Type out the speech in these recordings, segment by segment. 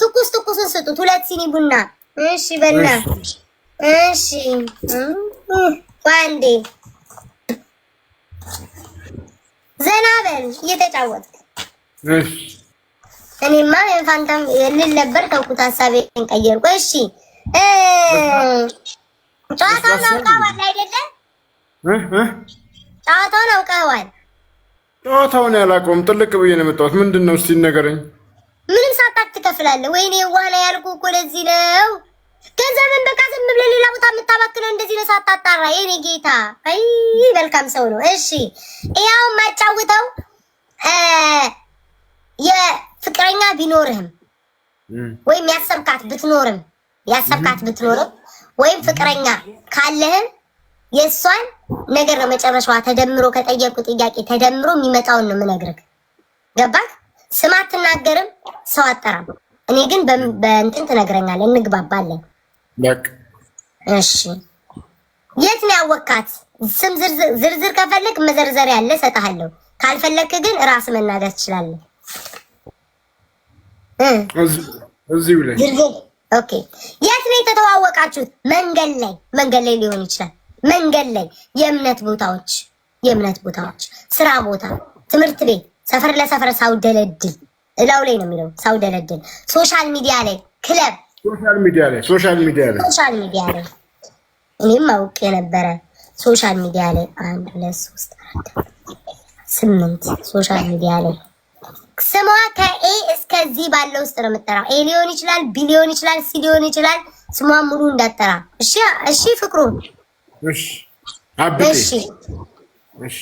ትኩስ ትኩስን ስጡት። ሁለት ሲኒ ቡና። እሺ በና እሺ። ዋንዴ ዘና በል እየተጫወት። እኔማ ፋንታም ልል ነበር ተውኩት፣ ሀሳቤን ቀየርኩ። እሺ ጨዋታውን አውቀዋል አይደለም? ጨዋታውን አውቀዋል። ጨዋታውን ያላውቀውም ጥልቅ ብዬ ነው የመጣሁት። ምንድን ነው እስኪ ንገረኝ። ምንም ሳጣት ትከፍላለህ። ወይኔ ዋና ያልኩ እኮ ለዚህ ነው ገንዘብን በቃ ዝም ብለህ ሌላ ቦታ የምታባክነው እንደዚህ ነው ሳታጣራ። የኔ ጌታ አይ መልካም ሰው ነው። እሺ ያው ማጫውተው የፍቅረኛ ቢኖርህም ወይም ያሰብካት ብትኖርም ያሰብካት ብትኖርም ወይም ፍቅረኛ ካለህም የእሷን ነገር ነው መጨረሻዋ። ተደምሮ ከጠየቁ ጥያቄ ተደምሮ የሚመጣውን ነው የምነግርህ። ገባህ? ስም አትናገርም፣ ሰው አጠራም። እኔ ግን በእንትን ትነግረኛለህ፣ እንግባባለን። እሺ፣ የት ነው ያወቃት? ስም ዝርዝር ከፈለክ መዘርዘር ያለ እሰጥሃለሁ። ካልፈለክ ግን ራስ መናገር ትችላለህ። እዚሁ ላይ ኦኬ። የት ነው የተተዋወቃችሁት? መንገድ ላይ መንገድ ላይ ሊሆን ይችላል። መንገድ ላይ፣ የእምነት ቦታዎች የእምነት ቦታዎች፣ ስራ ቦታ፣ ትምህርት ቤት፣ ሰፈር ለሰፈር ሳውደለድል እላው ላይ ነው የሚለው ሰው ደለድል ሶሻል ሚዲያ ላይ ክለብ ሶሻል ሚዲያ ላይ ሶሻል ሚዲያ ላይ ሶሻል ሚዲያ ላይ እኔም አውቅ የነበረ ሶሻል ሚዲያ ላይ አንድ ሁለት ሶስት አራት ስምንት ሶሻል ሚዲያ ላይ ስሟ ከኤ እስከ እስከዚህ ባለው ውስጥ ነው የምጠራው። ኤ ሊሆን ይችላል፣ ቢ ሊሆን ይችላል፣ ሲ ሊሆን ይችላል። ስሟ ሙሉ እንዳጠራ እሺ። እሺ፣ ፍቅሩ እሺ፣ አብቴ እሺ፣ እሺ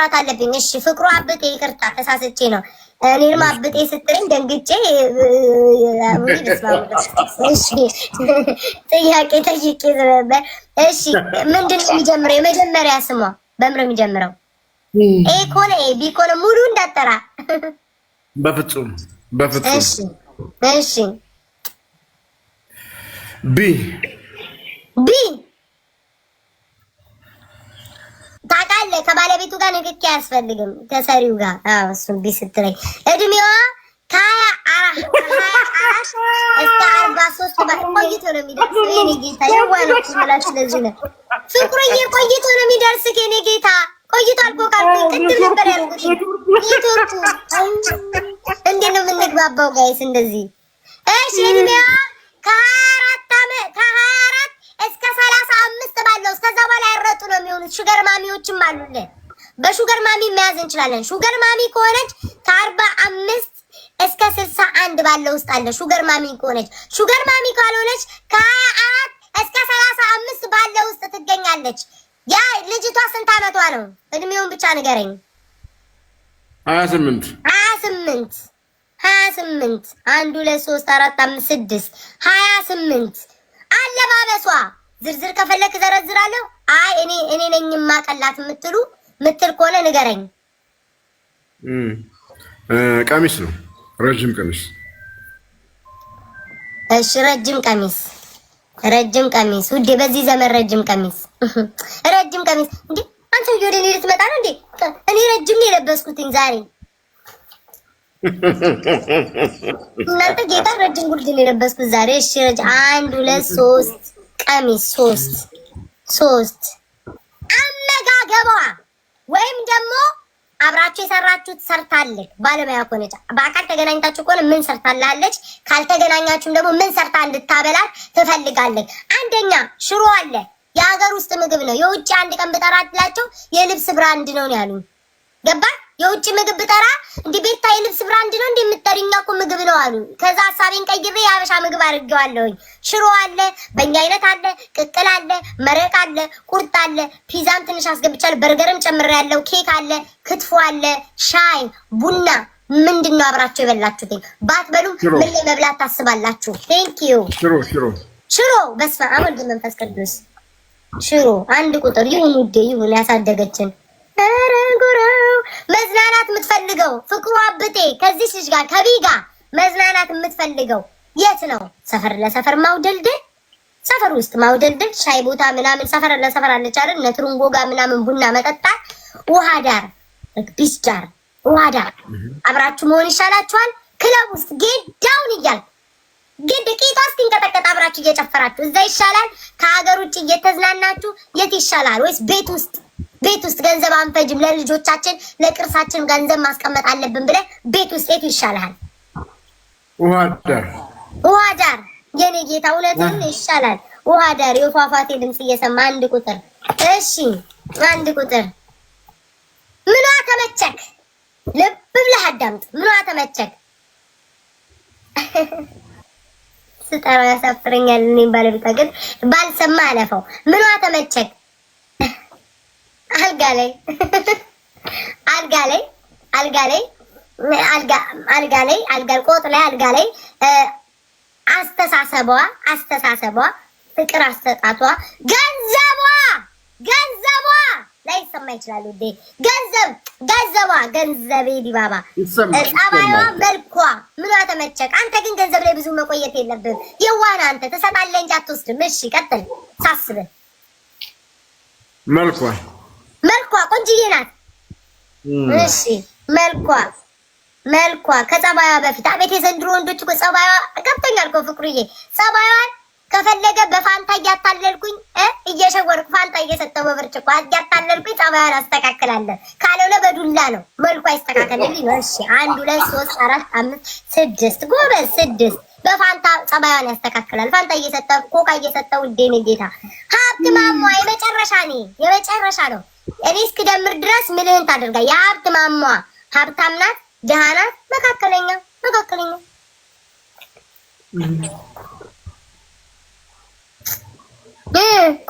መስራት አለብኝ። እሺ ፍቅሩ አብጤ ይቅርታ ተሳስቼ ነው። እኔንም አብጤ ስትለኝ ደንግጬ ጥያቄ ጠይቄ ነበር። እሺ ምንድን ነው የሚጀምረው? የመጀመሪያ ስሟ በምረ የሚጀምረው? ኤ ከሆነ ኤ፣ ቢ ከሆነ ሙሉ እንዳጠራ በፍጹም በፍጹም። እሺ ቢ ቢ ከባለቤቱ ጋር ንክኪ አያስፈልግም። ከሰሪው ጋር እሱን ቢስትለኝ እድሜዋ ከሀያ አራት እስከ አርባ ሶስት ቆይቶ ነው የሚደርስ የኔ ጌታ። የዋኖች ምላች ለዚህ ነው ፍቅሩዬ፣ ቆይቶ ነው የሚደርስ የኔ ጌታ። ቆይቶ አልኮ ካልኩኝ ቅድም ነበር ያልኩት። ኔትወርኩ እንዴት ነው የምንግባባው ጋይስ? እንደዚህ እሺ፣ እድሜዋ ከሀያ አራት እስከ ሹገር ማሚዎችም አሉልን። በሹገር ማሚ መያዝ እንችላለን። ሹገር ማሚ ከሆነች ከአርባ አምስት እስከ ስልሳ አንድ ባለው ውስጥ አለ። ሹገር ማሚ ከሆነች ሹገር ማሚ ካልሆነች ከሀያ አራት እስከ ሰላሳ አምስት ባለው ውስጥ ትገኛለች። ያ ልጅቷ ስንት አመቷ ነው? እድሜውን ብቻ ንገረኝ። ሀያ ስምንት ሀያ ስምንት ሀያ ስምንት አንድ ሁለት አራት አምስት ስድስት ሀያ ስምንት አለባበሷ ዝርዝር ከፈለክ ዘረዝራለሁ። አይ እኔ እኔ ነኝ የማቀላት የምትሉ ምትል ከሆነ ንገረኝ። ቀሚስ ነው ረጅም ቀሚስ። እሺ ረጅም ቀሚስ ረጅም ቀሚስ ውዴ፣ በዚህ ዘመን ረጅም ቀሚስ ረጅም ቀሚስ። እንዴ አንተ ወደ እኔ ልትመጣ ነው እንዴ? እኔ ረጅም ነው የለበስኩትኝ ዛሬ። እናንተ ጌታ ረጅም ጉርድ ነው የለበስኩት ዛሬ። እሺ ረጅም አንድ ሁለት ሶስት ቀሚስ ሶስት ሶስት አመጋገቧ ወይም ደግሞ አብራችሁ የሰራችሁት ሰርታለች። ባለሙያ ከሆነች በአካል ተገናኝታችሁ ከሆነ ምን ሰርታላለች፣ ካልተገናኛችሁም ደግሞ ምን ሰርታ እንድታበላት ትፈልጋለች። አንደኛ ሽሮ አለ፣ የሀገር ውስጥ ምግብ ነው። የውጭ አንድ ቀን ብጠራላቸው የልብስ ብራንድ ነው ያሉ ገባ የውጭ ምግብ ብጠራ እንደ ቤታ የልብስ ብራንድ ነው እንደምትጠሪኝ እኮ ምግብ ነው አሉ። ከዛ ሀሳቤን ቀይሬ የሀበሻ ምግብ አድርጌዋለሁኝ። ሽሮ አለ፣ በእኛ አይነት አለ፣ ቅቅል አለ፣ መረቅ አለ፣ ቁርጥ አለ፣ ፒዛም ትንሽ አስገብቻለሁ፣ በርገርም ጨምሬ ያለው ኬክ አለ፣ ክትፎ አለ፣ ሻይ ቡና። ምንድን ነው አብራቸው የበላችሁት? ባትበሉም ምን ላይ መብላት ታስባላችሁ? ቴንክ ዩ ሽሮ ሽሮ ሽሮ በስመ አብ ወወልድ መንፈስ ቅዱስ ሽሮ አንድ ቁጥር ይሁን ውዴ ይሁን ያሳደገችን ኧረ መዝናናት የምትፈልገው ፍቅሩ አብጤ ከዚህ ልጅ ጋር ከቢ ጋር መዝናናት የምትፈልገው የት ነው? ሰፈር ለሰፈር ማውደልድል፣ ሰፈር ውስጥ ማውደልድል፣ ሻይ ቦታ ምናምን ሰፈር ለሰፈር አለች አይደል? ጋር ምናምን ቡና መጠጣት፣ ውሃ ዳር፣ ቢስ ዳር፣ ውሃ ዳር አብራችሁ መሆን ይሻላችኋል። ክለብ ውስጥ ጌት ዳውን እያል ግን ጥቂቷ እስኪንቀጠቀጥ አብራችሁ እየጨፈራችሁ እዛ ይሻላል? ከሀገር ውጭ እየተዝናናችሁ የት ይሻላል? ወይስ ቤት ውስጥ ቤት ውስጥ ገንዘብ አንፈጅም፣ ለልጆቻችን ለቅርሳችን ገንዘብ ማስቀመጥ አለብን ብለህ ቤት ውስጥ የቱ ይሻልሃል? ውሃ ዳር፣ ውሃ ዳር የኔ ጌታ እውነትም ይሻላል። ውሃ ዳር የፏፏቴ ድምፅ እየሰማ አንድ ቁጥር። እሺ አንድ ቁጥር ምኗ ተመቸክ? ልብ ብለህ አዳምጥ። ምኗ ተመቸክ? ስጠራ ያሳፍረኛል። እኔም ባለቤቷ ግን ባልሰማ አለፈው። ምኗ ተመቸክ? አልጋ ላይ አልጋ ላይ አልጋ ላይ አልጋ ላይ አልጋ ቆጥ ላይ አልጋ ላይ አስተሳሰቧ አስተሳሰቧ ፍቅር አሰጣቷ ገንዘቧ ገንዘቧ ላይ ይሰማ ይችላል። ውዴ ገንዘብ ገንዘቧ ገንዘቤ ዲባባ ጸባይዋ፣ መልኳ ምኗ ተመቸቅ? አንተ ግን ገንዘብ ላይ ብዙ መቆየት የለብህም። የዋና አንተ ትሰጣለህ እንጂ አትወስድም። እሺ ቀጥል ሳስብህ መልኳ መልኳ ቆንጅዬ ናት። እሺ መልኳ መልኳ ከጸባያ በፊት አቤት የዘንድሮ ወንዶች እኮ ጸባያ ገብተኛል እኮ ፍቅሩዬ። ጸባያዋን ከፈለገ በፋንታ እያታለልኩኝ እየሸወርኩ ፋንታ እየሰጠው በብርጭቆ እያታለልኩኝ ጸባያን አስተካክላለሁ ካልሆነ በዱላ ነው። መልኳ ይስተካከልልኝ። እሺ አንድ ሁለት ሶስት አራት አምስት ስድስት ጎበዝ ስድስት በፋንታ ጸባያን ያስተካክላል። ፋንታ እየሰጠ ኮካ እየሰጠ ውዴን እንዴታ ሀብት ማሟ የመጨረሻ ኔ የመጨረሻ ነው። እኔ እስክደምር ድረስ ምልህን ታደርጋ የሀብት ማሟ ሀብታም ናት፣ ደሃ ናት፣ መካከለኛ መካከለኛ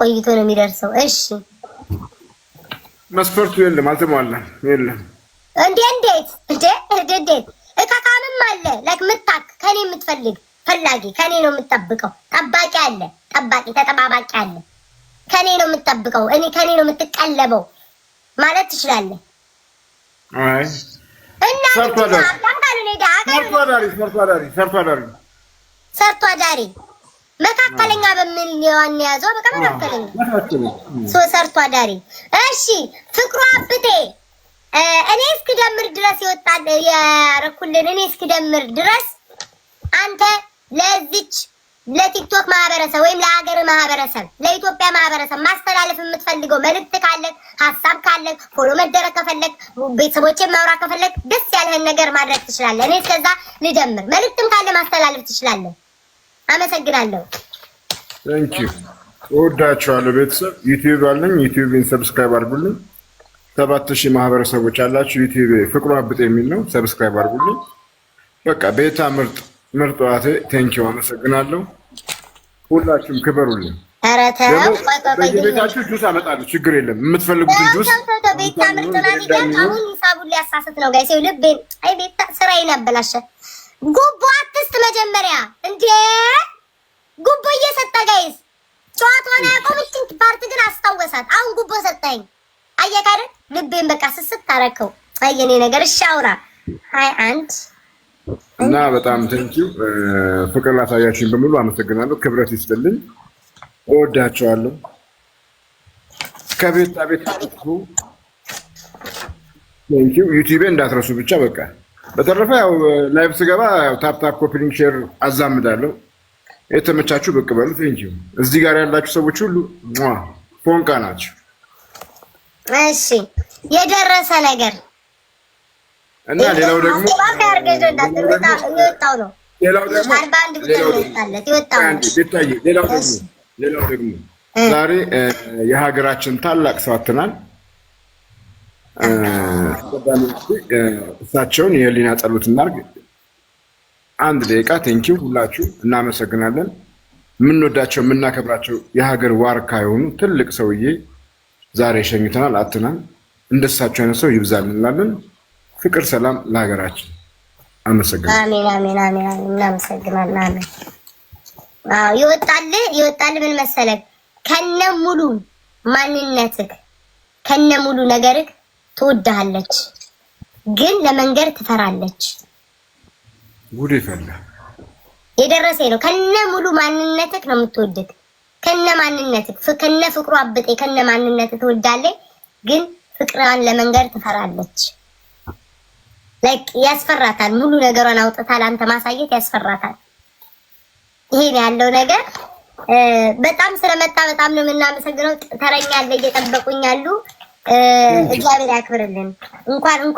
ቆይቶ ነው የሚደርሰው። እሺ መስፈርቱ የለም፣ አልተሟላም። የለም እንዴ እንዴት እንዴ እንዴት እካካምም አለ ላይክ ምታት አትፈልግ ፈላጊ ከኔ ነው የምጠብቀው። ጠባቂ አለ፣ ጠባቂ ተጠባባቂ አለ። ከኔ ነው የምጠብቀው። እኔ ከኔ ነው የምትቀለበው ማለት ትችላለህ። ሰርቶ አዳሪ መካከለኛ በምን ሊሆን ያዘው? በቃ መካከለኛ ሶ ሰርቶ አዳሪ። እሺ ፍቅሩ አብቴ እኔ እስክደምር ድረስ ይወጣል ያረኩልን እኔ እስክደምር ድረስ አንተ ለዚች ለቲክቶክ ማህበረሰብ ወይም ለሀገር ማህበረሰብ ለኢትዮጵያ ማህበረሰብ ማስተላለፍ የምትፈልገው መልእክት ካለ ሀሳብ ካለ ፎሎ መደረግ ከፈለግ ቤተሰቦችን ማውራት ከፈለግ ደስ ያለህን ነገር ማድረግ ትችላለህ። እኔ እስከዛ ልጀምር። መልእክትም ካለ ማስተላለፍ ትችላለህ። አመሰግናለሁ። ታንኪዩ። እወዳችኋለሁ ቤተሰብ። ዩቲዩብ አለኝ። ዩቲዩብን ሰብስክራይብ አድርጉልኝ። ሰባት ሺህ ማህበረሰቦች አላችሁ። ዩቲዩብ ፍቅሩ አብጥ የሚል ነው። ሰብስክራይብ አድርጉልኝ። በቃ ቤታ ምርጥ ምርጥ ዋቴ ቴንኪው አመሰግናለሁ። ሁላችሁም ክበሩልን። ቤታችሁ ጁስ አመጣለሁ፣ ችግር የለም። የምትፈልጉትን ጁስ ቤታ ምርጥ ናት። አሁን ሂሳቡን ሊያሳስት ነው ስራዬን አበላሸ። ጉቦ አትስት መጀመሪያ እንዴ ጉቦ እየሰጠ ጋይስ ጨዋታውን ፓርት ግን አስታወሳት። አሁን ጉቦ ሰጠኝ አየካደ ልቤን በቃ ስስት ታረከው። አየኔ ነገር እሺ አውራ ሀይ አንድ እና በጣም ቴንኪው ፍቅር ላሳያችሁኝ በሙሉ አመሰግናለሁ። ክብረት ይስጥልኝ። እወዳቸዋለሁ። ከቤት ቤት ቴንኪው። ዩቲቤ እንዳትረሱ ብቻ በቃ። በተረፈ ያው ላይቭ ስገባ ታፕታፕ ኮፒሊንግ ሼር አዛምዳለሁ። የተመቻችሁ ብቅ በሉ። ቴንኪው። እዚህ ጋር ያላችሁ ሰዎች ሁሉ ፎንቃ ናቸው። እሺ የደረሰ ነገር እና ሌላው ደግሞ ሌላው ደግሞ ዛሬ የሀገራችን ታላቅ ሰው አትናል እሳቸውን የህሊና ጸሎት እናድርግ። አንድ ደቂቃ ቴንኪው። ሁላችሁ እናመሰግናለን። የምንወዳቸው የምናከብራቸው የሀገር ዋርካ የሆኑ ትልቅ ሰውዬ ዛሬ ሸኝተናል አትናል። እንደሳቸው አይነት ሰው ይብዛል እንላለን። ፍቅር፣ ሰላም ለሀገራችን። አመሰግናለሁ። ይወጣል፣ ይወጣል። ምን መሰለህ ከነ ሙሉ ማንነትህ ከነ ሙሉ ነገርህ ትወድሃለች፣ ግን ለመንገር ትፈራለች። ጉድ ይፈላ የደረሰኝ ነው። ከነ ሙሉ ማንነትህ ነው የምትወድህ፣ ከነ ማንነትህ ከነ ፍቅሩ አብጤ ከነ ማንነትህ ትወዳለች፣ ግን ፍቅሯን ለመንገር ትፈራለች። ላይክ ያስፈራታል። ሙሉ ነገሯን አውጥታል አንተ ማሳየት ያስፈራታል። ይሄን ያለው ነገር በጣም ስለመጣ በጣም ነው የምናመሰግነው። ተረኛ አለ እየጠበቁኝ ያሉ እግዚአብሔር ያክብርልን። እንኳን እንኳን